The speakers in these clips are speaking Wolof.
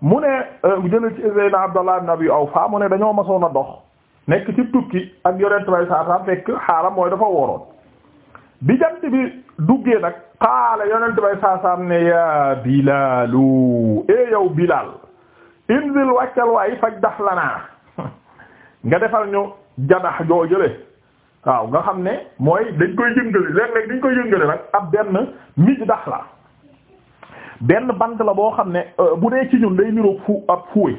mu ne euh, jële ci Zeyna Abdallah ibn Abi Awfa mu ne dañoo masoon dox nekk ci tukki ak yorent bay saasaam fekk xaalam mooy dafa woroon bi jant bi duggee nag xaala yonent bay saasaam ne ya Bilaalu e eh yow Bilaal inzil wàccal waay faj dax lanaa nga defal ñu jadax joo jële waaw nga xam ne mooy dañ koy yëngale léeg-léeg dañ koy yëngale nag ab benn mij dax benn bant la boo xam ne euh, bu dee ci ñun day niroog fu ab fuuy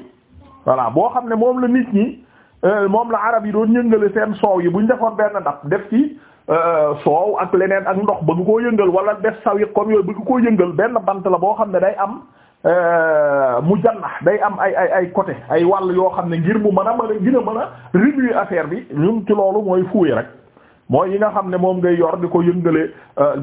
voilà boo xam ne moom la nit ñi euh, moom la arab yi doon yëngale seen soow yi bu ñu defoon benn ndab def ci euh, soow ak leneen ak ndox ba bëgg koo yëngal wala def sawi comme yooyu bëgg koo yëngal benn bant la boo xam ne day am mu janna day am ay ay ay côté ay wàll yoo xam ne ngir bu mën a mën a gën a mën a réduire affaire bi ñun ci loolu mooy fuuy rek mooy yi nga xam ne moom ngay yor di ko yëngale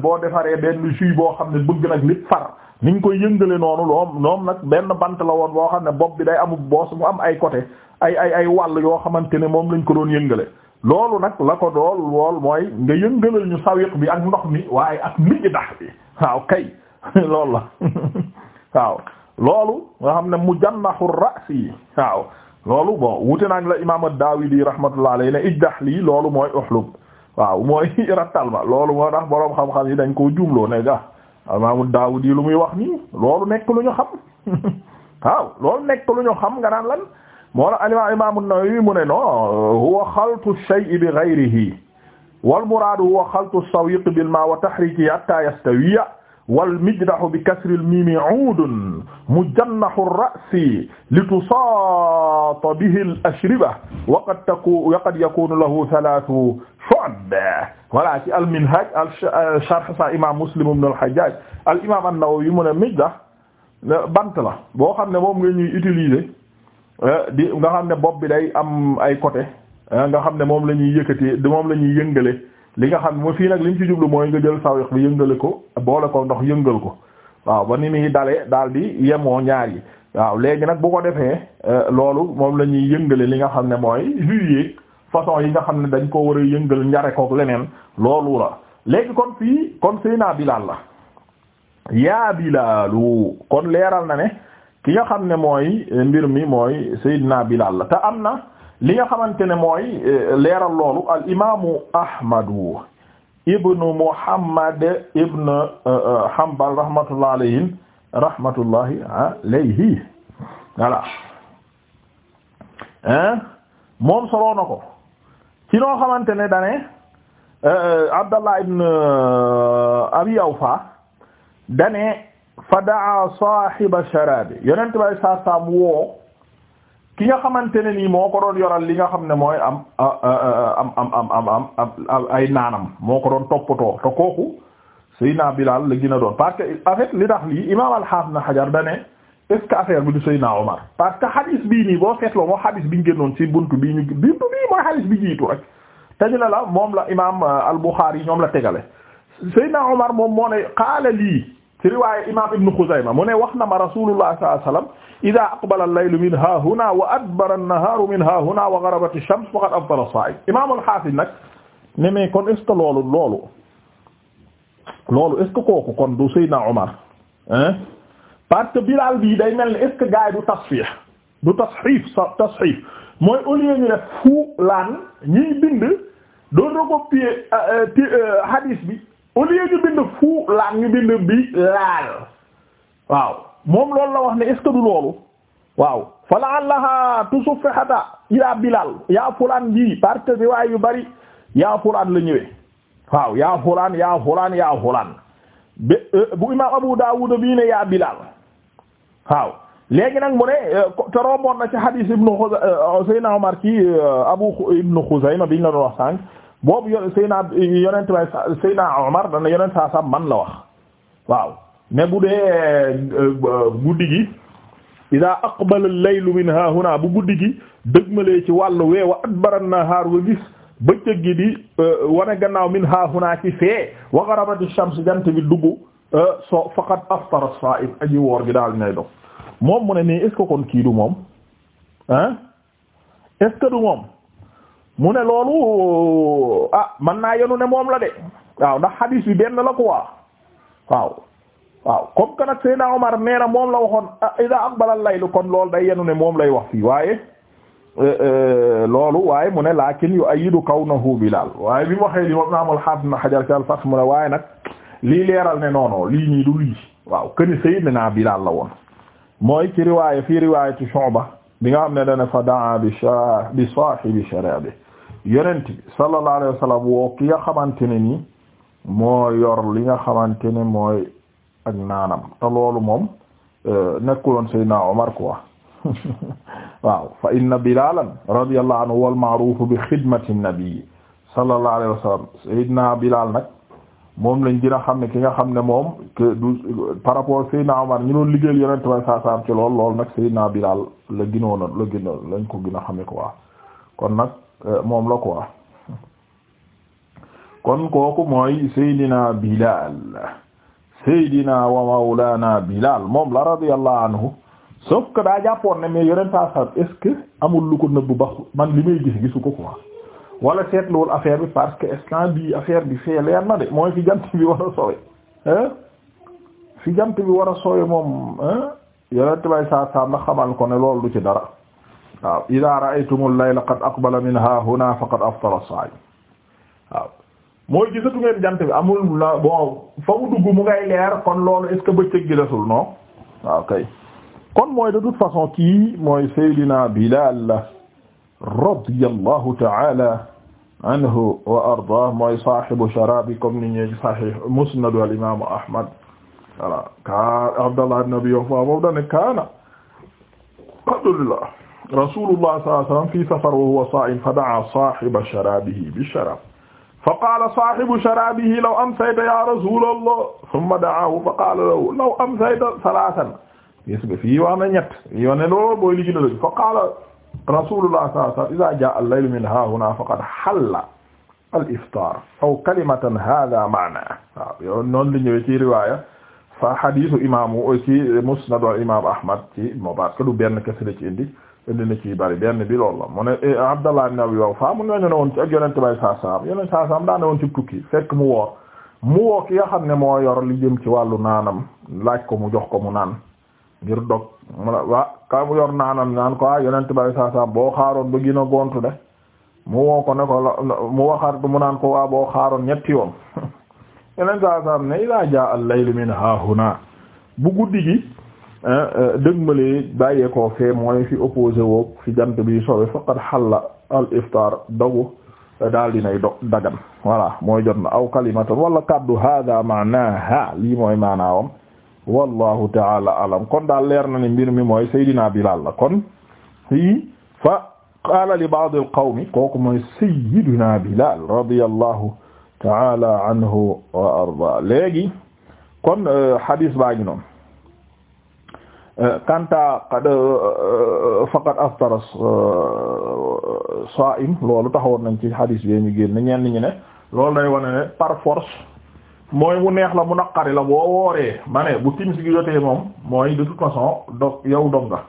boo defaree benn boo xam ne bëgg nag lépp far ni koy yëngale noonu loom ñoom nag benn bant la woon boo xam ne bopp bi day amu boos mu am ay côté ay ay ay wàll yoo xamante ne moom lañ ko doon yëngale loolu nag la ko dool lool mooy nga yëngalal ñu sawiq bi ak ndox mi waaye ak mijj dax bi waaw kay loolu la waaw loolu nga xam ne mujannahu ra's yi waaw loolu bon wute naag la imam ad-Dawidi rahmatullah alayhi ne ijdah lii loolu mooy uxlub waaw mooy rattal ma loolu moo tax boroom xam-xam yi dañ koo jumloo ne ga imaamu Daawud yi lu muy wax nii loolu nekk lu ñu xam waaw loolu nekk lu ñu xam nga naan lan moo la alima imaamu Nawawi mu ne no huwa xaltu shay'i bi ghayrihi wal muraadu huwa xaltu sawiq bil ma wa tahrikihi hatta yastawiya wal mijdahu bi kasril miimi uudun mujannahu ar-ra'si litusaata bihi al-ashriba wa qad takuunu wa qad yakuunu lahu salaatu shu'ab voilà ci al-minhaaj al-sharh euh, sa imaam muslim ibn al-hajjaaj al-imaam an-nawawi mu ne mijdah bant la boo xam ne moom nga ñuy utiliser euh, di nga xam ne bopp bi day am ay côté euh, nga xam ne moom la ñuy yëkkatee moom la ñuy yëngale. li nga xam ne fii nag li liñ ci jublu mooy nga jël sawix bi yëngale ko boole ko ndox yëngal ko waaw ba ni muy dalee daal di yemoo ñaar yi waaw léegi nag boo ko defee euh, loolu moom la ñuy yëngale li nga xam ne mooy juillet façon yi nga xam ne dañ koo war a yëngal njare kook leneen loolu la léegi kon fii kon sëy naa Bilaal la yaa Bilaalu kon leeral na ne ki nga xam ne mooy mbir mi mooy Seydina Bilaal la te am na li nga xamante ne mooy eh, leeral loolu al imaamu ahmadu ibnu muhammad ibnu eh, eh, hanbal rahmatullah alayhim rahmatullahi alayhi voilà moom soloo na ko ci xamante ne dane abdallah ibn abi awfa dane fa daa sahiba sharabi yonent bay sa sam woo ki nga xamante ne nii moo ko doon yoral li nga xam ne mooy am am am am am am ay naanam moo ko doon toppatoo te kooku Seydina Bilal la gën a doon parce que en li tax lii imaam al-Hafiz na Hajar da ne est ce que affaire bi du Seydina Omar parce que hadis bii nii boo seetloo moo hadis bi ñu génnoon ci buntu bii ñu buntu bii mooy hadis bi jiitu rek te ñu ne la moom la imaam al-Bukhari ñoom la tegale Seydina Omar moom moo ne qaala lii. ci riwaaya imam ibnu Xuzayma mu ne wax ma rasulullah sallallahu alayhi wa sallam idaa aqbala al min haahunaa wa adbara an min haahunaa wa gharabat ash-shams faqad aftara as-saa'im imam al-Haafiz ne mais kon est ce que loolu loolu loolu est ce kon du Seydina Omar hein parce que Bilaal bii day mel ni est ce que du tasfiix du tasxiif mooy au lieu ñu def fu laan ñiy bind doon recopier euh, euh, euh, hadith bi au lieu ñu bind fu laam ñu bind bi laal waaw moom loolu la wax ne est loolu waaw fa laallaha tusuffihata yaa bilal yaa fulaan ji parce que riwaay yu bari yaa fulaan la ñëwee waaw yaa fulaan yaa fulaan yaa fulaan euh, bu imam Abu Dawud bii ne yaa bilal waaw léegi nag mu ne euh, te romboon na ci hadis ibnu Xuzayma euh, Seydina Omar ci Abu ibnu Xuzayma biñ la doon wax sànq boobu yo Seyna yonent bay Seyna Omar dana yonent saa sam man la wax waaw ne bu dee euh, guddi gi ida aqbala laylu min hahuna bu guddi gi dëgmalee ci wàllu weewa adbara an-nahar wa gis bëccëg gi di euh, wane gannaaw min hahuna ci fee wa gharabat ash-shams jant bi dugg euh, so faqad aftara as-sa'im aji woor gi daal nay dox moom mu ne nii est kon kii du moom ah est du moom mu ne loolu ah man naa yenu ne moom la de waaw ndax hadis bi benn la ko waaw waaw comme que nag Seydina Omar nee moom la waxoon ah, ida aqbala laylu kon lool day yenu ne moom lay wax fii waaye eh, eh, loolu waaye mu ne lakin yu ayidu kawnahu Bilal waaye bi mu waxee li moom imaam al-Hafiz Ibn Hajar ci al-Fath mu waaye nag lii leeral ne noono lii nii du lii waaw këni Seydina Bilal la woon mooy ci riwaaya fii riwaayatu Shu'ba bi nga xam ne dane fa daa bi saahibi bi yonent bi sallallahu alayhi wa sallam ki nga xamante ne nii moo yor li nga xamante ne mooy ak naanam te loolu moom euh, nekkuloon Seydina Omar quoi waaw fa inna bilalan radiyallahu anhu wal ma'ruf bi xidmati nabi sallallahu alayhi wa sallam Seydina nag moom lañ gën a xam ne ki nga xam ne moom que du par rapport Omar ñu doon liggéeyal yonent bi saa saam ci lool lool nag Seydina Bilal la gënoon la gënoon lañ ko gën a xame quoi kon nag Euh, moom la quoi kon kooku mooy Seydina Bilal Seydina wa Mawlana Bilal moom la radiyallahu anhu sauf que daa jàppoon ne mais yoneen saa saa est amul lu ko nëbbu ba man li may gis gisu ko quoi wala seetluwul affaire bi parce que instant bii affaire bi fee leer na de mooy fi jant bi war a sowe fi jant bi war a sowe moom yoneen tubaab saa saa nga xamal ko ne loolu du ci dara. waaw ida ra'aytumul layla qad aqbala min ha huna faqad aftara as-sa'im waaw mooy gisatu ngeen jant bi amul la bon fa mu dugg mu ngay leer kon loolu est ce que bëccëg gi desul non waaw kay kon mooy de toute façon kii mooy Seydina Bilal la radiyallahu ta'ala anhu wa ardah mooy sahibu sharabi comme ni ñuy sahih musnad al imam Ahmad voilà ka Abdallah ibn Abi Awfa moom dane kaana alhamdulillah rasulullah sallallahu alayhi wa sallam fi safar wa huwa saa'im fa da'a saahiba sharaabihi bi-sharaab fa qaala saahibu sharaabihi law amsayta ya rasulallah thumma da'aahu fa qaala lahu law amsayta salaasan gis nga fii wax na ñett yoo ne loolu booy li gën a dëgg fa qaala rasulullah sallallahu alayhi wa sallam idhaa jaa'a al-laylu min haahunaa faqad halla al-iftaar aw kalimatan haadhaa ma'naa waaw yow noonu la ñëwee ci riwaaya fa hadiisu imaamu ci musnad al imaam Ahmad ci moo parce que du benn kese la ci indi indi na ci bari benn bi loolu la mu ne eh, Abdallah ibn Abi Awfa mu ne ne woon ci ak yonente bay saasaam yonent saasaam daa ne woon ci tukki fekk mu woor mu woo ki nga ne moo yor li jëm ci wàllu naanam laaj ko mu jox ko mu naan ngir dog mu ne waa mu naanam naan ko ah yonent boo xaaroon ba gën a mu woo ko ne ko mu naan ko waa boo xaaroon ñetti yoon yonent saasaam ne ilaa jaa al layl min haahuna bu guddi gi Euh, dëgmale bàyyeekoo fee mooy fi opposé woo fi jant bi sowe faqad xalla al iftar dogu daal dinay do mooy jot aw kalimatan wala kaddu hada maanaha lii mooy maanaawam wallahu taala alam kon daal leer na ni mbir mi mooy Seydina Bilal la kon fii fa qaala li ba'd al qawmi kooku mooy Seydina Bilal taala anhu wa arda léegi kon hadis euh, baa kanta qad euh, euh, faqad aftara euh, saa'im loolu taxawoon nañ ci hadis bi ñu génn ñenn ñi ne loolu day wane ne par force mooy mu neex la mu naqari la boo wooree ma ne bu timis gi jotee moom mooy de toute façon dog yow dog nga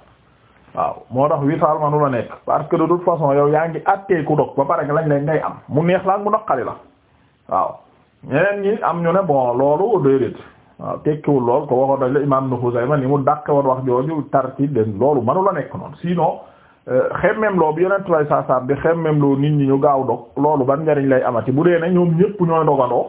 waaw moo tax witaal manu la nekk parce que de toute façon yow yaa ngi àttee ku dog ba pare lañ lay ngay am mu neex laa ak mu naqari la waaw ñeneen ñi am ñu ne bon loolu déedéet waaw tekkiwul lool ko waxoon dañ la imam Ibn Xuzayma ni mu dàqe woon wax jooju tar ci den loolu mënu la nekk noonu sinon euh, xemmem loo bi yonent way saasaam bi xemmem loo nit ñi ñu gaaw dog loolu ban njariñ lay amati bu dee ne ñoom ñëpp ñoo dogandoo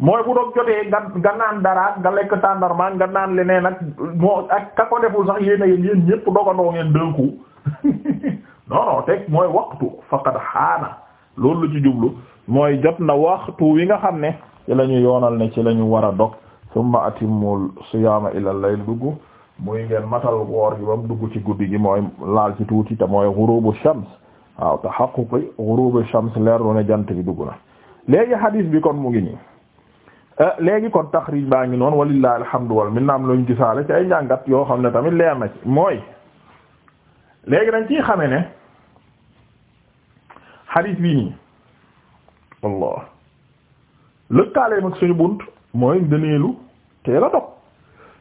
mooy bu doog jotee nga naan dara nga lekk tàndarma nga naan leneen ak moo ak ka ko deful sax yéen a yéen ñëpp dogandoo ngeen dënku non non mooy waxtu faqad xaana loolu la ci jublu mooy jot na waxtu wi nga xam ne ci la ñu ci la ñu war a dog summa atimmul siyaama ilal layl dugg muy ngeen matal woor gi bam dugg ci guddi mooy laal ci tuuti te mooy ghurubu shams waaw tahaqquqi ghurubu shams leer na ne jant bi dugg na léegi hadis bi kon mu ngi nii eh, léegi kon taxrij baa ngi noonu walillahi alhamdu wal minna am luñ gisaale ci ay njàngat yoo xam ne tamit leer na ci mooy léegi dañ ciy xame ne hadis bii nii Allah lëkkaale mag suñu bunt mooy ngëneelu teel a dog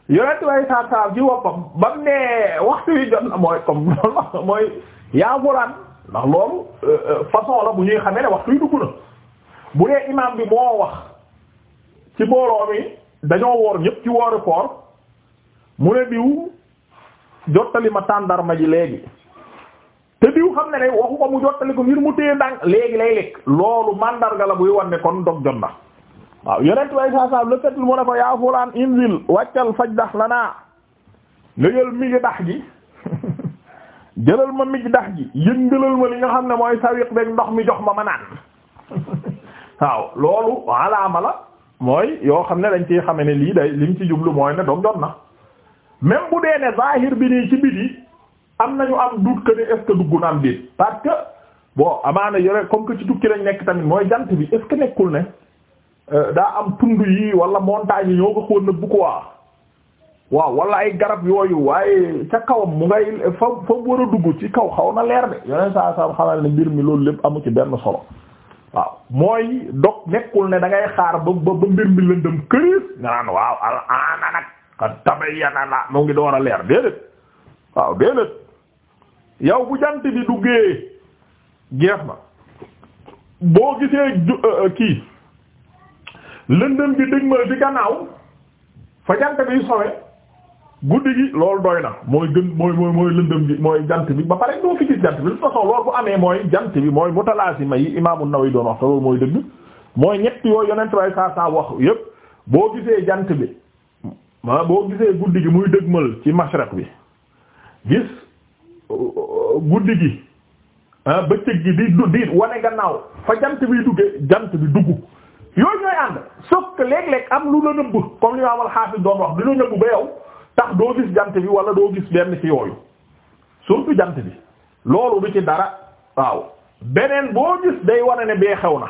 yonent way saar saar ci woppam ba mu nee waxtu wi jot na mooy comme loolu mooy yaa gulaan ndax loolu euh, euh, façon la bu ñuy xamee ne waxtu wi dugg na bu dee imaam bi moo wax ci mbooloo mi dañoo woor ñëpp ci wooru koor mu ne diw jottali ma tàndarma ji léegi te diw xam ne ne waxu ko mu jottali ko ngir mu téye ndànk léegi lay lekk loolu màndarga la buy wan ne kon dog jot na waaw yonent way saa saam le fait lu mu ne ko yaa fulaan inzil wàccal faj dax lanaa nga jël migi dax gi jëlal ma mi dax gi yëngalal ma li nga xam ne mooy sawiq beeg ndox mi jox ma ma naan waaw loolu alaama la mooy yoo xam ne dañ ciy xame ne lii day li mu ci jublu mooy ne doom jot na même bu dee ne zahir bi nii ci biti am nañu am doute que ne est-ce que dugg na am déet parce que bon amaana yore comme que ci tukki lañ nekk tamit mooy jant bi est-ce que nekkul ne Euh, daa am tund yi wala montagne yi ñoo ko xool na bu ko waa waaw wala ay garab yooyu waaye ca kawam mu ngay fa fa war a dugg ci kaw xaw na leer de yeneen saa saa xamal ne mbir mi loolu lépp amu ci benn solo waaw mooy dog nekkul ne da xaar ba ba mbir mi lëndëm këriis nga naan waaw al ana nag xad mu ngi door a leer déedéet waaw déedéet yow bu jant bi duggee jeex na boo gisee euh, kii lëndëm bi dëgmal bi gannaaw fa jant bi sowe guddi gi loolu doy na mooy gën mooy mooy mooy lëndëm bi mooy jant bi ba pare doo fi gis jant bi de façon loolu bu amee mooy jant bi mooy mutalaasima yi Imaamu Nawawi doon wax te mooy dëgg mooy ñett yooyu yonent way saa saa wax yépp boo gisee jant bi ah boo gisee guddi gi muy dëgmal ci mashraq bi gis euh, guddi gi ah bëccëg gi di di wane gannaaw fa jant bi dugge jant bi dugg. yooyu ñooy ànd sauf que léeg am lu la nëbb comme li Imaam al-Hafiz doon wax lu la nëbb ba yaw tax doo gis jant bi wala doo gis benn ci yooyu surtout jant bi loolu du ci dara waaw beneen boo gis day wane ne bee xew na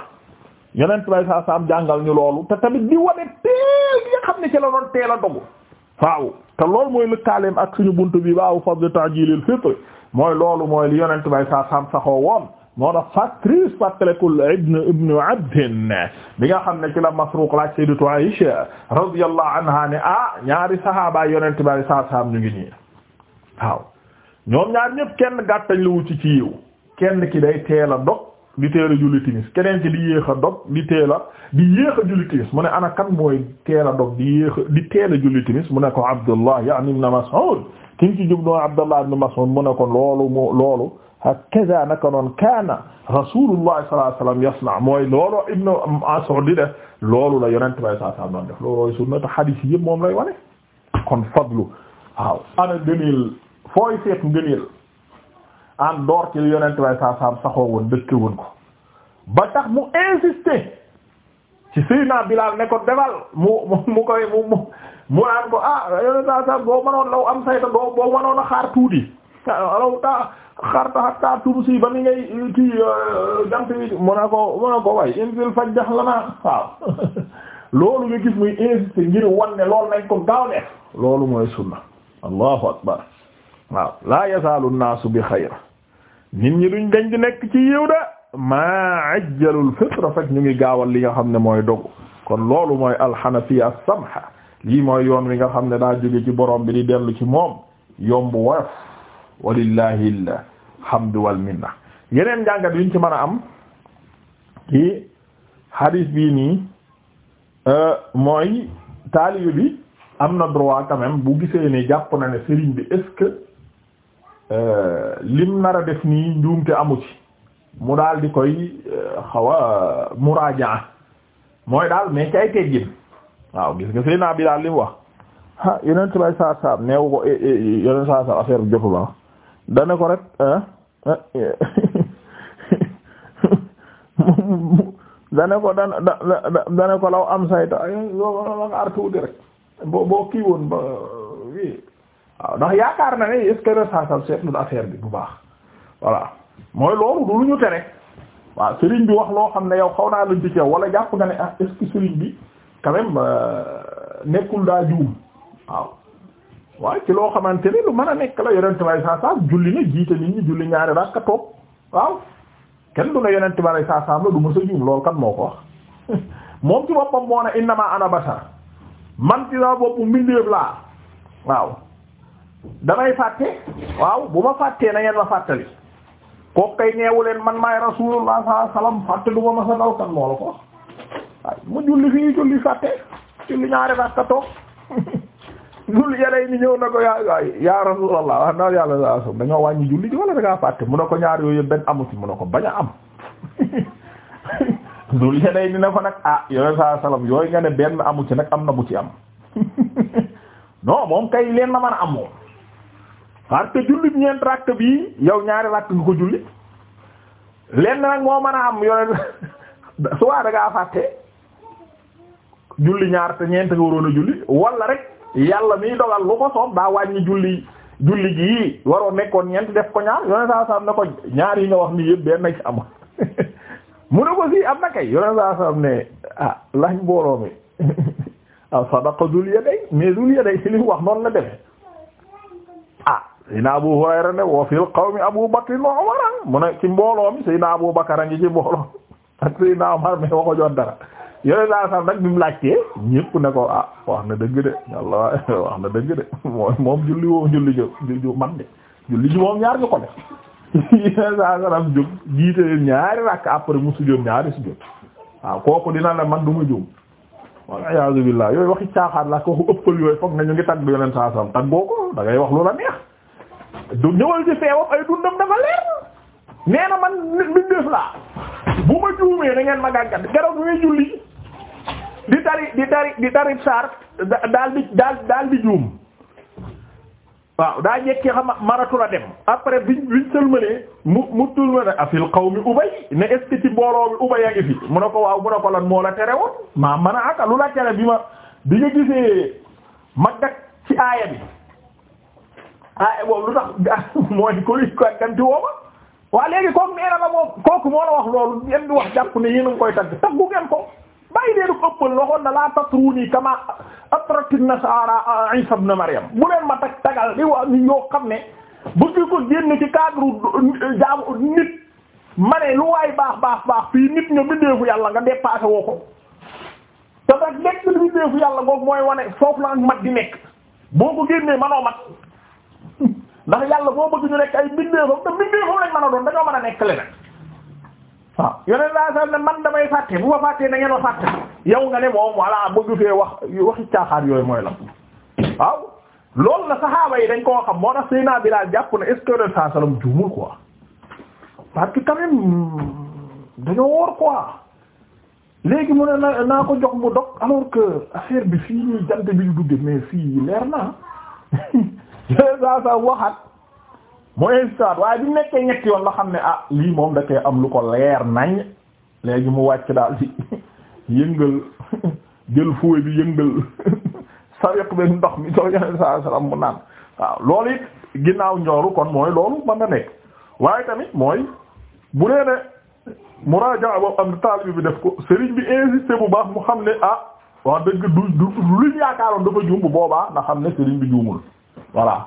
yeneen tubaab yi saa am jàngal ñu loolu te tamit di wane teel gi xam ne ci la doon teel a dogu waaw te loolu mooy lëkkaaleem ak suñu bunt bi baaw fadl ta'jilil fitr mooy loolu mooy li yeneen tubaab yi saa saa am saxoo woon. moo tax factrice fàttalekul ibn ibnu abdin bi nga xam ne ci la Masruq laaj sayyidatu Aisha radiyallahu anha ne ah ñaari sahabaay yonente bi alei saatu salaam ñu ngi nii waaw ñoom ñaar ñëpp kenn gàttañ lu wucci ci yiw kenn ki day teel a dog di teel a julli timis keneen ki di yéex a dog di teel a di yéex a julli timis mu ne ana mooy teel a dog di yéex di teel a julli timis mu ne ko Abdullah ya'ni ibn Mas'ud ki ci jub noo Abdullah ibn Mas'ud mu ne ko loolu moo loolu hakaza naka noon kaana rasulullah sallallahu alayhi wasallam yasna mooy loolu ibnu Mas'ud di def loolu la yonent bay saa saa noon def loolooy sunna te hadith moom lay wane kon fadlu waaw ana ngëneel fooy seet ngëneel en door ci yonent bay saa saa saxoo woon ko ba mu insister ci Seydina Bilaal ne ko defal mu mu koy mu mu mu naan ko yonent saa saa boo mënoon law am sayta doo boo a xaar tuuti alaw ta xarta hatta tumsi ba ni ngay eh, kii eh, mu ne ko mu loolu mooy sunna allahu akbar waaw laa yazaalu naasu bi xayr nit ñi duñ dañ di nekk ci yiw de maa ajjalul fitra fekk ñu ngi gaawal li nga xam ne mooy dogu kon loolu mooy alxanafiya samha lii mooy yoon wi nga xam ne daa jóge ci borom bi di dellu ci moom yomb woyof walillahi alhamdu wal minna yeneen njàngat yuñ ci mën a am ci hadith bii nii euh, mooy taalibe bi am na droit quand bu gisee ne jàpp na ne sëriñ bi est euh, lim nar def nii njuumte amu ci mu daal di koy euh, xaw a mooy daal mais ci ay waaw gis nga sëy naa bi daal li mu wax ah yeneen tubaab saa saa neewu ko yeneen saa saa affaire jotu la dana ko rek ah, ah, dana ko dana dana ko law am sayta yoo la nga rek boo kii woon ba waaw ndax yaakaar na ne est-ce que resasal affaire bi bu baax voilà mooy loolu du lu ñu tere waaw sëriñ bi wax loo xam ne yow xaw naa la ci yow wala jàpp nga ne ah est-ce bi quand euh, nekkul daa juum waaw waaye ci loo xamante ne lu mën a nekk la yonent bi saa saa julli na jiite nit ñi julli ñaari rakka waaw kenn du ne yonent bi saa saam la du ma sa juum lool kan moo ko wax moom ci boppam moo ne innama ana man ci la bopp mbindeef laa waaw damay fàtte waaw bu ma fàttee na ngeen ma fàttali kooku kay neewu leen man maay rasulullah sallallahu alayhi fàtte du ma ma sa daw kan moo la ko mu julli fii julli fàtte julli ñaari rakka dul yeneen ni ñëw na ko yaa waay ya rasulallah wax na yàlla la so dañoo wàññi julli ji wala da fàtte mu ne ko ñaar yooyu yëpp benn amu ci mu ne a am dul yeneen ah yooyu saa salam yooyu ci nag am na bu ci am non moom kay leen na man a am moom parce julli bi ñeent rakk bii yow ñaari rakk nga ko julli leen nag moo mën a am yooyu soit da ngaa fàtte julli ñaar te ñeent nga waroon a julli wala rek yàlla mi dogal lu ko soob daa wàññi julli julli ji waroo nekkoon ñeent def ko ñaar yoneen saa saam ne ko ñaar yi nga wax nii yëpp benn ci amul mu ne ko si am na kay yoneen saa saam ne ah laaj mbooloo mi ah, sadaqa dul yaday mais dul yaday ci li wax noonu la defe ah Seydina Abu Hurayra ne wa fil qawmi Abu Bakr wa Umar mu ne ci mbooloo mi Seydina Abu Bakar a ngi ci mbooloo ak Seydina Umar mais waxu joon dara yooyu laa sax nag bi mu laajtee ñëpp ne ko ah wax na dëgg de wax na dëgg de mooy moom julli woo julli ju man de julli ji moom ñaar nga ko def yéen saa saram jóg jiite leen ñaari rakk après mu sujjóot ñaari sujjóot waaw kooku dina la man du ma juum walla iyaazu billaah yooyu waxi caaxaan la ko waxu ëppal yooyu foog nañu ngi tagg yoneen saa saram taggoo ko da ngay wax lu la neex du ñëwal ci feewam ay dundam dafa leer nee na man mbindeef laa bu ma juumee da di tari di tari di tari saar di daal di juum waaw daa njëkkee xam maratu la dem après biñ biñ sëlmalee mu mu tulma ne afil qawmi ubay ne est ce que ubay a ngi fi mu ne ko waaw mu ne ko lan moo la tere woon maa mën a aka lu la tere bi ma bi nga gisee mag dak ci aaya bi aaya boobu lu tax mooy koy ganti wooma waa léegi comme neera la moom kooku moo la wax loolu yéen di wax jàpp ne yéen a ngi koy tagg taggu ngeen ko bàyyi leen ëppal waxoon na laa tatruuni kama atratu nasaara Isa ibn Maryam bu leen ma tag tagal di waa ni ñoo xam ne bëgg ko génn ci cadre jaamu nit ma ne lu waay baax baax baax fii nit nga bindeefu yàlla nga dépassé woo ko te nag nekk bindeefu yàlla googu mooy wane foofu la mat di nekk boo ko génnee manoo mat na yàlla boo bëgg ñu nekk ay bindeefam te bindeefam lañ mën a doon dañoo mën nekk waaw yeneen laa sax ne man damay fàtte bu ma fàttee da ma fàtte yow nga ne moom voilà bëgg fee wax waxi caaxaan yooyu mooy la waaw loolu la saxaaba yi dañ koo xam moo tax naa Bilaal jàpp na est-ce que yoneen saa salaam juumul quoi parce que quand même dañoo wóor quoi léegi mu ne naa ko jox mu dog alors que affaire bi fii nii jant bi ñu dugge mais fii leer na yeneen saa saa waxaat. mu insisté waat waaye bi nekkee ñetti yoon la xam ne ah lii moom da koy am lu ko leer nañ léegi mu wàcc daal di yëngal jël fuwe bi yëngal sawiq bi ndox mi soo yoneen saa sallam mu naan waaw loolu it ginnaaw njooru kon mooy loolu mën nekk waaye tamit mooy bu nee ne muraaja boobu am taalibe bi def ko sëriñ bi insisté bu baax mu xam ne ah wax dëgg du du luñ yaakaaroon dafa juum bu boobaa na xam ne sëriñ bi juumul voilà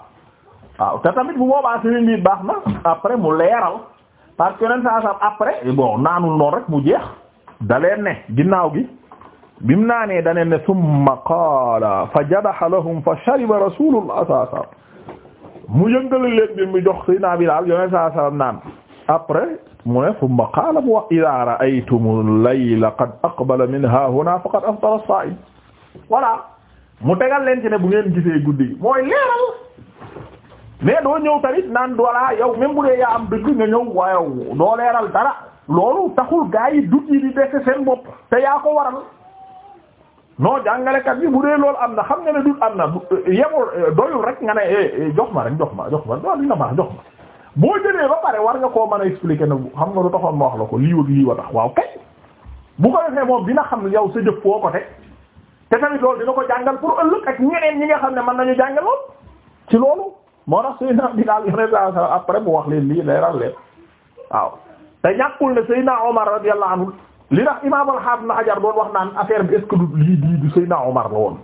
waaw te tamit bu boobaa sëriñ bi baax na après mu leeral parce que ren saa sax après bon naanul noonu rek mu jeex da leen ne gi bim naanee da leen ne summa qaala fa jabaha lahum fa shariba rasulullah saa saa mu yëngale leen bi mu jox sayna Bilaal yoneen saa saa naan après mu ne summa qaala bu wax idaa ra'aytumul layla qad aqbala min haahunaa faqad aftara as-saa'im voilà mu tegal leen ci ne bu ngeen gisee guddi gi mooy leeral. mais doo ñëw tamit naan doolaa yow même bu dee yaa am dëgg nga ñëw waaye doo leeral dara loolu taxul gaa yi dut yi di dese seen bopp te yaa ko waral noo jàngalekat bi bu dee loolu am na xam nga ne dut am na yemul euh, doyul rek nga ne eh, eh, jox ma rek jox ma jox ma dool li nga ma jox ma boo jëlee ba pare war nga koo mën a expliquer ne xam nga lu taxoon ma wax la ko lii wëg lii wa tax waaw kay bu ko defee moom dina xam yow sa jëf foo ko teg te tamit loolu dina ko jàngal pour ëllëg ak ñeneen ñi nga xam ne mën nañu jàngal ci loolu moo tax Seydina Bilaal yonent saa sallam après mu wax leen lii leeral leen waaw te ñàkkul ne Seydina Omar radiyallahu anhu li tax Imaam al-Hafiz Ibn Hajar doon wax naan affaire bi est-ce que du lii di du Seydina Omar la woon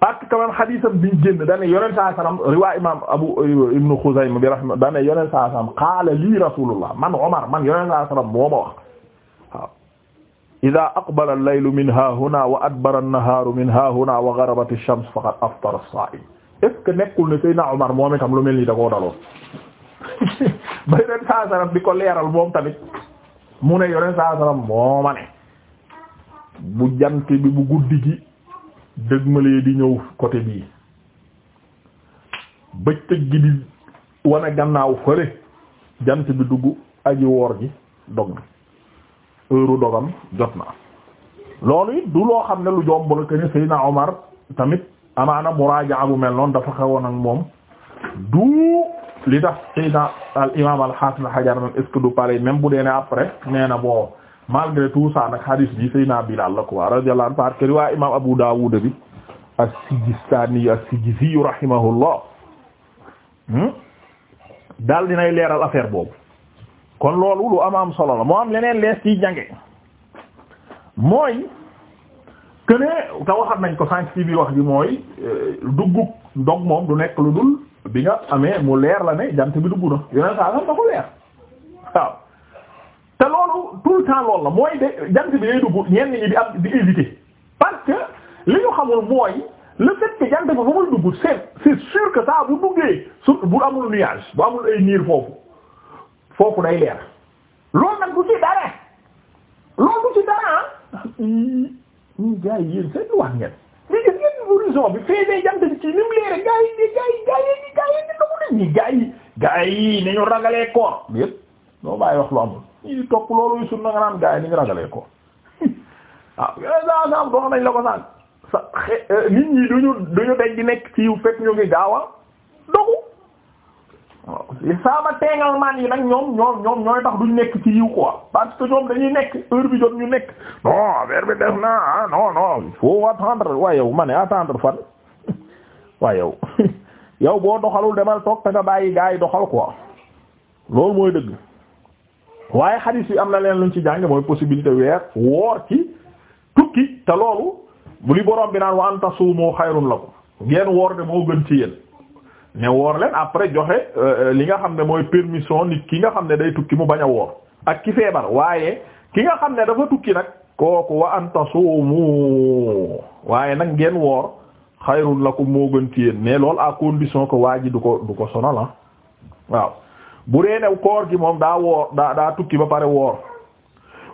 parce que quand même xadiisam biñ génn dane yonent saa sallam riwaa Imaam Abu Ibn Khuzaymah bi rahma dane yonent saa sallam qaala lii Rasulullah man Omar man yonent saa sallam moo ma wax waaw ida aqbala al-laylu min haahuna wa adbara an-nahaaru min haahuna wa gharabat ash-shams faqad aftara as-saa'im est-ce que nekkul ne Seydina Omar moom itam lu mel ni da koo daloon ba yeneen saa di ko leeral moom tamit mu ne yeneen saa saram moo ne bu jant bi bu guddi gi dëgmalee di ñëw côté bii bëccëg gi di wane gannaaw fële jant bi dugg aji woor gi dog na heure dogam jot na loolu it du loo xam ne lu jomb la que ne Seydina Omar tamit. amaana muraaja bu mel noon dafa xewoon ak moom du li tax sayyidna al imam al hafiz Hajar est-ce que du pare même bu dee ne après nee na bon malgré tout ça nag hadis bi sayyidna Bilaal la quoi radiyallahu anhu parce que riwaaya imam Abu Dawud bi as-Sijistani as-Sijizi rahimahullah hmm? daal dinay leeral affaire boobu kon loolu lu am am la moo am leneen lees ciy jànge mooy que ne te nañ ko sànq ci biir wax gi mooy euh, duggug ndog moom du nekk lu dul bi nga amee mu leer la ne jant bi dugg na yeneen saa sax da ko leer te loolu tout le temps loolu la mooy de jant bi day dugg ñenn ñi di di hésiter parce li ñu xamul mooy le fait que jant bi fa muy dugg c'est c'est sûr bu duggee su bu amul nuage bu amul ay niir foofu foofu day leer loolu nag du ci dara loolu du ci dara ah. mm. ñii gars yi yéen seen wax ngeen ñii gis ngeen horizon bi feeñee jant bi ni mu leere gars yi ñii gars yi gars yi ñii gars yi ñi dogu nañ ñii wax lu amul ñii topp loolu sunna nga naan gars ni ñu ragalee koor waaw sa sam dox nañ la ko sànq sa nit ñi duñu nekk ci fekk waaw saaba teengal maan yi nag ñoom ñoom ñoom ñooy tax duñ nekk ci yiw quoi parce ñoom dañuy nekk heure bi jot ñu nekk non affaire bi def na ah non non il faut waaye yow ma ne attendre fan waaye yow boo doxalul demal toog te nga bàyyi gaa yi doxal quoi loolu mooy dëgg waaye xadiis yi am na leen luñ ci jàng mooy possibilité weer woor ci tukki te loolu bu li borom bi naan wa an tasuumu xayrun lakum ngeen woor de moo gën ci yéen ne woor leen après joxe euh, li nga xam ne mooy permission nit ki nga xam ne day tukki mu bañ a woor ak ki feebar waaye ki nga xam ne dafa tukki nag kooku wa an mu waaye nag ngeen woor xayrun lakum moo gën ci yéen mais loolu à condition ko waa ji du ko du ko sonal la ah. waaw bu dee new koor gi moom daa woor daa daa tukki ba pare woor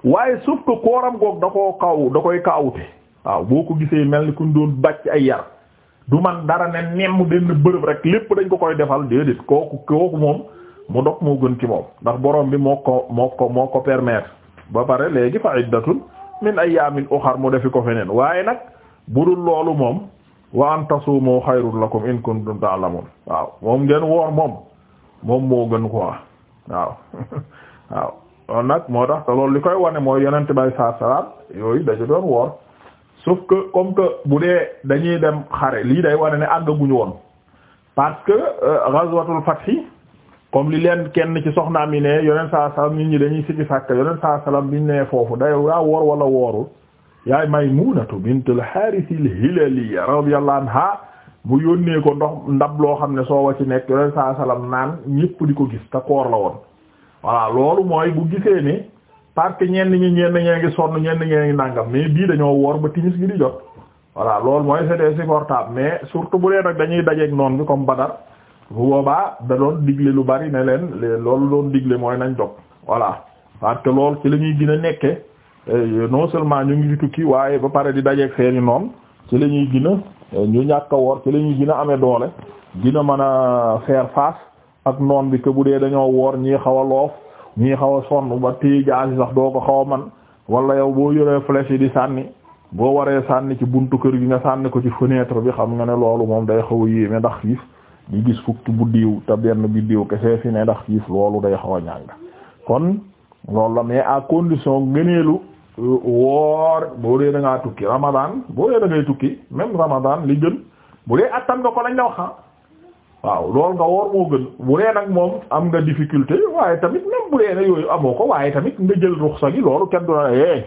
waaye sauf que kooram goog da koo kaw da koy kawute waaw boo ko gisee mel ni kuñ doon bàcc ay yar du man dara ne nemm benn bërëb rek lépp dañ ko koy defal déedéet kooku kooku moom mu dog moo gën ci moom ndax boroom bi moo ko moo ko moo ko ba pare léegi fa iddatun min ayyamin ukhar mu defi ko feneen waaye nag budul loolu moom wa an la ko lakum in kuntum ta'lamun waaw moom ngeen woor moom moom moo gën ko waaw waaw nag moo tax te loolu li koy wane mooy yonent bay saa salaam yooyu dañu doon woor sauf que comme que bu dee dañuy dem xare lii day wane ne àggaguñu woon parce que euh, ghazwatul fathi comme li leen kenn ci soxnaam yi ne yoneen saa salaam nit ñi dañuy sikki sàkk yoneen saa salaam biñ nee foofu day waa woor wala woorul yaay Maymunatu bintul Haaris al-Hilaliyya radiyallahu anha mu yónnee ko ndox ndab loo xam ne soow a ci nekk yoneen saa salaam naan ñépp di ko gis te koor la woon voilà loolu mooy bu gisee ni parce ñeen ñenn ñi ñenn ñee ngi sonn ñeen ñee ngi nàngam mais bii dañoo woor ba timis gi di jot voilà loolu mooy c'était supportable mais surtout bu dee dañuy dajeek noon bi comme Badar bu boobaa da doon digle lu bari ne leen loolu doon digle mooy nañ dog voilà parce que loolu ci la ñuy gën a nekke euh, non seulement ñu ngi di tukki waaye ba pare di dajeeg seeni noon ci la ñuy gën euh, ñu ñàkk a woor ci la ñuy gën a amee doole gën a mën a faire face ak noon bi que bu dee dañoo woor ñii xaw a loof ñii xaw a sonn ba téye jaasi sax doo ko xaw man wala yow boo yoree flèche yi di sànni boo waree sànni ci buntu kër gi nga sànni ko ci fenêtre bi xam nga ne loolu moom day xaw a yéeme ndax xiif ñu gis fukki bu diw te benn bi diw kese fi ne ndax xiif loolu day xaw a ñàng kon loolu la mais à condition gëneelu euh, woor boo dee da tukki ramadan boo dee da tukki même ramadan li gën bu dee attan nga ko lañ la wax ah. waaw loolu nga woor moo gën bu nag moom am nga difficulté waaye tamit même bu dee yooyu amoo ko waaye tamit nga jël ruxsa gi loolu kenn du la eh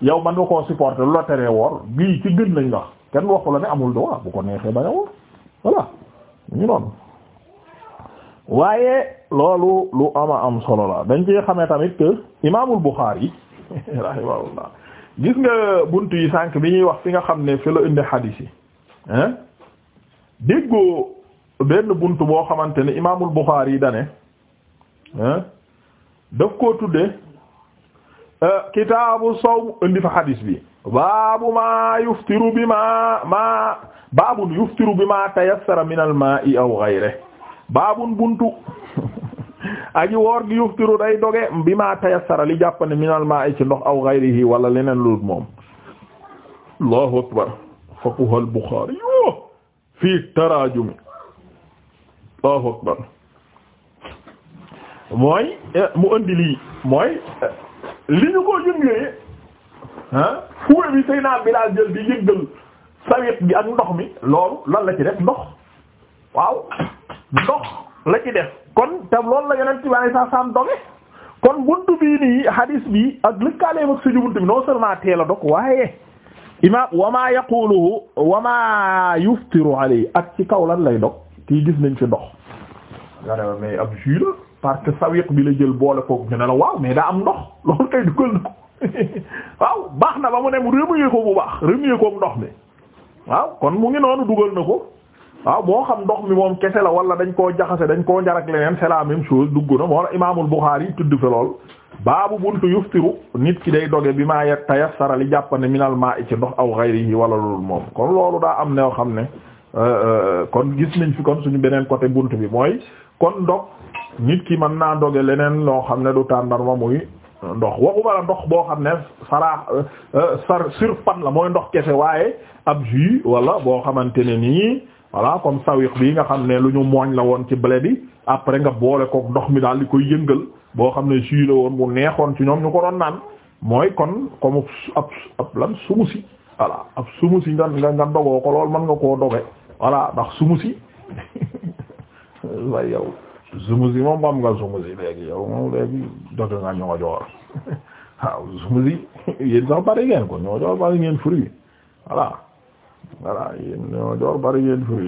yow man nga koo supporter lu la teree woor bii ci gën wax kenn waxu la ne amul droit bu ko neexee ba woor loolu lu ama am solo la dañ ci xamee tamit que imaamul Bukhari rahimahullah gis nga buntu yi sànq bi ñuy wax fi nga xam ne fi indi hadith yi déggoo. benn bunt boo xamante ne imaamul Buxaari yi dane daf koo tudde euh, kitaabu sawm indi fa xadis bi baabu ma yuftiru bi ma ma baabun yuftiru bi ma tayassara min al ma'i aw ghayri baabun buntu aji woor gi yuftiru day doge bi ma tayassara li jàppane min al ma'i aw ghayrihi wala leneen lu moom allahu akbar faquha al Buxaari yo fii taraajumi Allahu akbar mooy eh, mu andi lii mooy eh, li ñu ko jëndee ah fuwe bi sëy naa Bilaal jël di yëggal sawet bi ak ndox mi loolu lan la ci def ndox waaw ndox la ci def kon tam loolu la yeneen ci wàllu saa saam doge kon buntu bii nii hadis bi ak lëkkaaleem ak suñu buntu bi non seulement teel dog waaye imaam wa maa yaquluhu wa maa yuftiru ak ci kaw lan lay dog. kii gis nañ ci ndox nga ne mais ab jus la parce sawiq bi la jël boole ko ñu ne la waaw mais daa am ndox loolu kay dugal na ko waaw baax na ba mu ne mu remuer ko bu baax remuer ko ndox mi waaw kon mu ngi noonu dugal na ko waaw moo xam ndox mi moom kese la wala dañ koo jaxase dañ koo njar ak leneen c'est même chose dugg na moo la imaamul Buxaari yi tudd fi lool baabu buntu yuftiru nit ki day doge bi maa yet tayassara li jàppane minal maa'i ci ndox aw ghayrihi wala loolu moom loolu daa am ne yoo xam ne Euh, euh, kon gis nañ fi kon suñu beneen côté bunt bi mooy kon ndog nit ki mën naa doge leneen loo xam ne du tàndarma muy ndox waxuma la ndox boo xam ne sara euh, sar sur pan mooy ndox kese waaye ab jus wala boo xamante ne nii voilà comme sawiq bi nga xam ne lu ñu mooñ la woon ci blé bi après nga boole ko ndox mi daal di koy yëngal boo xam ne jus la woon mu neexoon ci ñoom ñu ko doon naan mooy kon comme ab ab lan sumusi voilà ab sumusi nga nga nga dogoo ko lool mën nga koo doge voilà ndax sumu si way yow sumu si moom bam nga sumu si léegi yow moom léegi dote nga ñoo joor waaw sumu si sax bari ngeen ko ñoo joor bari ngeen fruit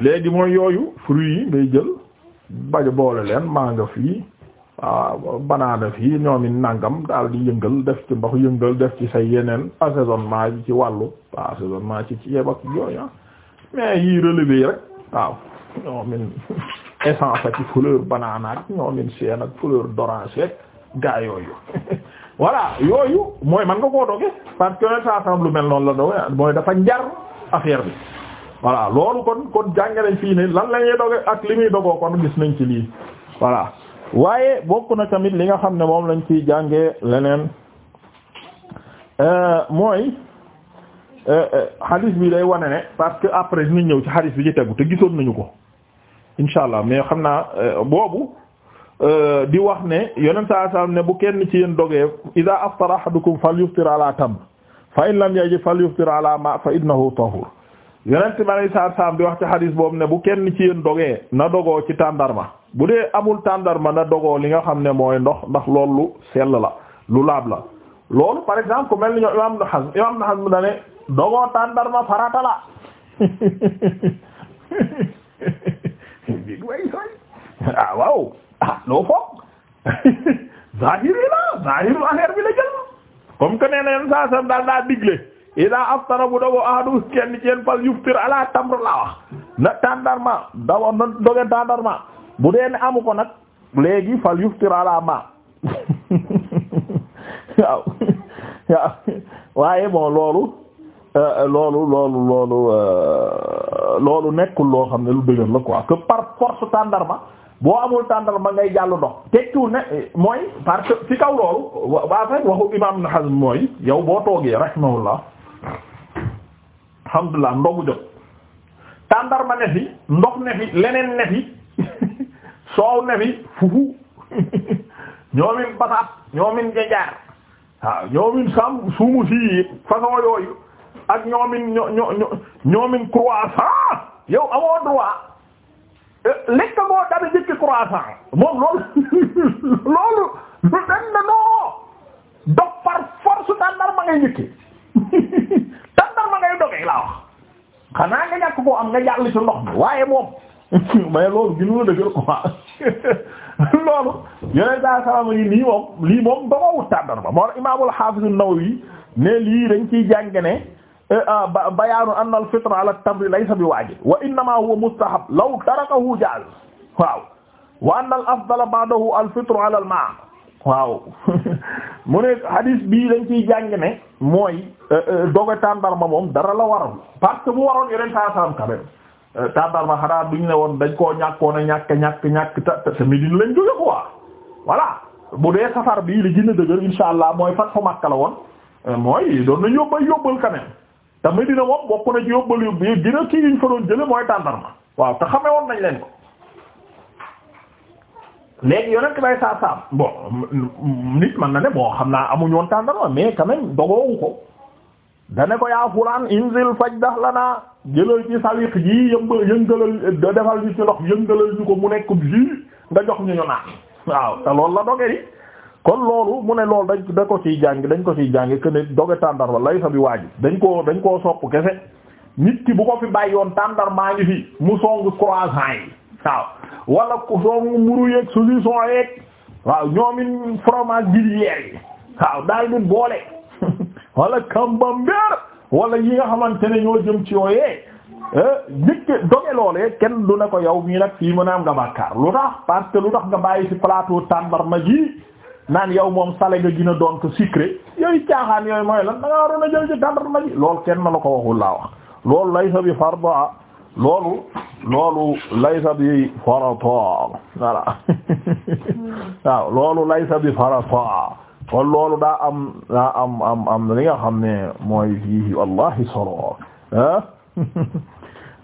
léegi mooy yooyu fruit yi ngay jël bajo boole leen maa nga fii waaw banaana fii ñoom it nangam daal di yëngal def ci ndox yëngal def ci say yeneen assaisonnement ci wàllu pas assaisonnement ci ceeb ak ah. mais yi relevé yi rek waaw ñoo min essence ak fleur banane ak ñoo min ak fleur d'orange rek gaa yooyu voilà yooyu mooy man nga koo doge parce que saa sam lu mel noonu la doge mooy dafa njar affaire bi voilà loolu kon kon jàngaleñ fii ne lan la doge ak li muy dogoo kon gis nañ ci lii voilà waaye bokk na tamit li nga xam ne moom lañ ciy jàngee leneen euh, mooy Euh, euh, hadith bi day wane ne parce que après ñu ñëw ci hadith bi ci tegu te gisoon nañu ko insha allah mais xam naa euh, boobu di wax ne yonent saa sallam ne bu kenn ci yéen dogee ida aftara ahadukum fa ala tam fa in lam yajid falyuftir ala ma fa innahu tahur yonent bi alayhi salaatu salaam di wax ci hadis boobu ne bu kenn ci yéen dogee na dogoo ci tàndarma bu dee amul tàndarma na dogoo li nga xam ne mooy ndox ndax loolu lu sell la lu laab la loolu par exemple ku mel ni ñoom imam Ibn dogoo tàndarma farata la big ah, ah, loo foog zahir la zahir affaire bi la jël comme que nee na yenn saa sam daa digle ida aftara bu dogo ahadu kenn kenn fal yuftir ala tamr la wax na tàndarma doge tàndarma bu dee amu ko nag fal yuftir ala ma waaw waaw waaye bon loolu Euh, loolu loolu loolu euh, loolu nekkul loo xam ne lu dëgër la quoi que par force tàndarma boo amul tàndarma ngay jàll ndox tekkiwul ne euh, mooy parce que ci kaw loolu waa fekk waxu imam Ibn Hazm mooy yow boo toogee rahimahullah alhamdulillah ndogu jot tàndarma ne ndox ne leneen ne soow ne fufu ñoomin basaat ñoomin jajaar waaw ñoomin sam suumu si façon yooyu ak ñoomin ñoomin ñoomin croissant yow amoo droit eh, lekk ngoo dara jëkk croissant moom loolu loolu lu dem na noo dog par force ma ngay jëkki tàndar ma ngay dogee laa wax xanaa nga ñàkk koo am nga jàll ndox mi waaye moom mais loolu ginu la dëgër quoi loolu yeneen daal salama yi lii moom lii moom dogawut tàndar ma moo imaamul Hafiz An-Nawawi ne lii dañ ciy jàng ne Eh, ah, bayaanu anna al-fitra ala at-tamri laysa bi waajib wa innama huwa mustahab law tarakahu jaaz waaw wa anna al-afdala ba'dahu al-fitru ala al-maa' waaw mu ne hadis bii dañ ciy jàng ne mooy eh, eh, doge tàndarma moom dara la waral parce que bu waroon yeneen saa salaam quand même tàndarma xanaa duñ ne woon dañ koo ñàkkoon a ñàkk ñàkk ñàkk te te Médine lañ jóge quoi voilà bu dee safar bii li gën dëgër insha allah mooy fat fa Makka la woon mooy doon nañ te Medina moom bokk na ci yóbbal yu bi dina kii yuñ fa doon jële mooy tàndarma waaw te xamee woon nañ leen ko léegi yonent bay saa saam bon nit man na ne bon xam naa amuñ woon tàndarma mais quand même dogoowu ko dane ko yaa fulaan inzil faj dax la naa jëlal ci saliq ji yëmb yëngalal defal ñu ci ndox yëngalal ñu ko mu nekk jus nga jox ñu ñu naan waaw te loolu la dogee yi kon loolu mu ne loolu dañ da ko ciy jàng dañ ko ciy jàng que ne tàndar tàndarma lay sa bi waajib dañ koo dañ koo sopp kese nit ki bu ko fi bàyyoon maa ngi fi mu song croissant yi waaw wala ku song muru yeeg saucisson yeeg waaw ñoomin fromage gruyère yi waaw daal di boole wala camembert wala yi nga xamante ne ñoo jëm ci yooyee eh njëkke doge loolee kenn du ne ko yow mii nag fii mën a am nga bàkkaar lu tax parce que lu tax nga bàyyi ci plateau tàndarma ji naan yow moom sale nga gën a doon ko sucré caaxaan yooyu mooy lan da nga waroon a jël ci tàndarma ji loolu kenn la ko waxul laa wax loolu laysa bi farda ah, loolu loolu laysa bi farata loolu laysa bi farata kon loolu daa am daa am am am li nga xam ne mooy fii wallahi solo ah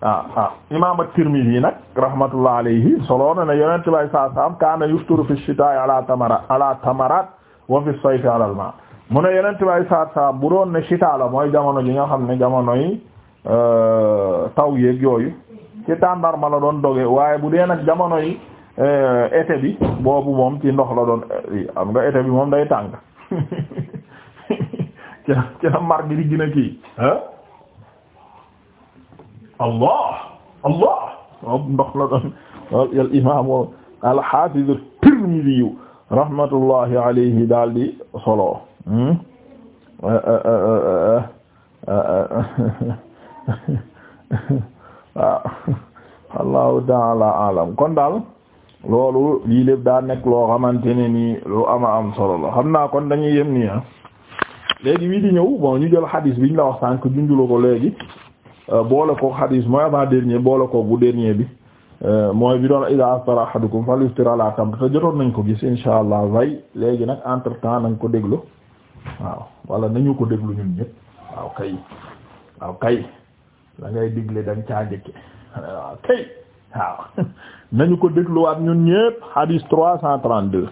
waaw ah, ah. waaw imaam at-Tirmidhi nag rahmatullah alayhi solo na ne yonent bay saa saam kaana yusturu fi shitaa'i ala tamara ala tamarat wa fi sayfi ala al-ma mu ne yonent bay saa saam bu doon ne shitaa la mooy jamono ji nga xam ne jamono yi euh, taw yeeg yooyu ci tàndarma la doon doge waaye bu dee nag jamono yi euh, été bi boobu moom ci ndox la doon euh, am bi moom day tàng ci la ci di gën a kii ah allah allah ndox la doon al imaamu al haafiz at-Tirmidhi rahmatullahi alayhi daal di solo waaw allahu taala alam kon daal loolu lii lépp daa nekk loo xamante ne nii lu ama am solo la xam naa kon dañuy yem nii ah léegi wii di ñëw bon ñu jël xadiis bi ñu la wax sànq junjula ko léegi Euh, boole ko xadiis mooy avant dernier boole ko bu dernier bi euh, mooy bi doon ida aftara ahadukum falyuftir ala tamr te jotoon nañ ko gis insha allah way léegi nag entre temps nañ ko déglu waaw wala nañu ko déglu ñun ñëpp waaw kay waaw kay la ngay digle dañ caa njëkke waaw kay waaw nañu ko dégluwaat ñun ñëpp hadis trois cent trente-deux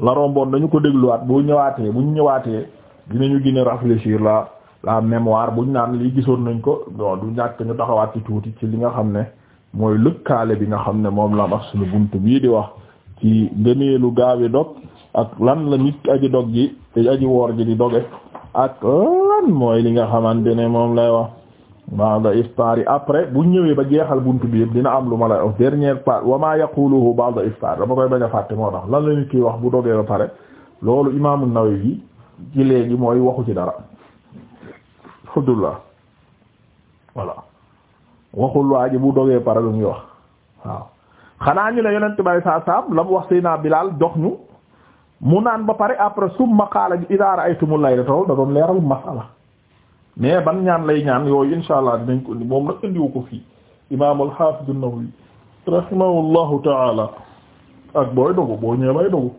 la romboon nañu ko dégluwaat bu ñëwaatee bu ñu ñëwaatee dinañu gën a la la mémoire ñu naan lii gisoon nañ ko bon du ñàkk ñu taxawaat ci tuuti ci li nga xam ne mooy lëkkaale bi nga xam ne moom la wax suñu bunt bii di wax ci gaaw yi dog ak lan la nit aji dog ji te aji woor ji di doge ak lan mooy li nga xamante ne moom lay wax ba'da iftaar yi après bu ñëwee ba jeexal bunt bii dina am lu ma lay wax dernière part wa ma yaquluhu ba'da iftaar dama koy bañ a fàtte moo tax lan la nit kiy wax bu dogee ba pare loolu imaamu Nawawi ci léegi mooy waxu ci dara alhamdulillah voilà waxul waa ji bu dogee pare lu muy wax waaw xanaa ñu ne yonent bay saa saam la mu wax Seydina Bilaal jox ñu mu naan ba pare après summa qaala idaa na layla da doon leeral masala mais ban ñaan lay ñaan yooyu insha dinañ ko moom nag indiwu ko fii imaam al-Haafiz an-Nawawi rahimahullahu taala ak booy dogu boo ñëwee bay dogu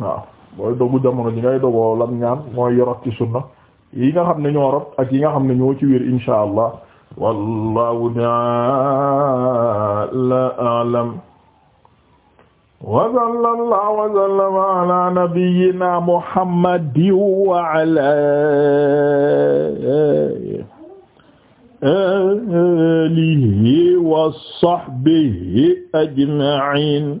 waaw booy dogu jamono ji ngay dogoo lam ñaan mooy yorot ci sunna yi nga xam ne ñoo rot ak yi nga xam ne ñoo ci wér insha allah wallahu ta'ala a'lam wa sallallahu wa sallama ala nabiyyina muhammadin wa ala alihi wa sahbihi ajma'in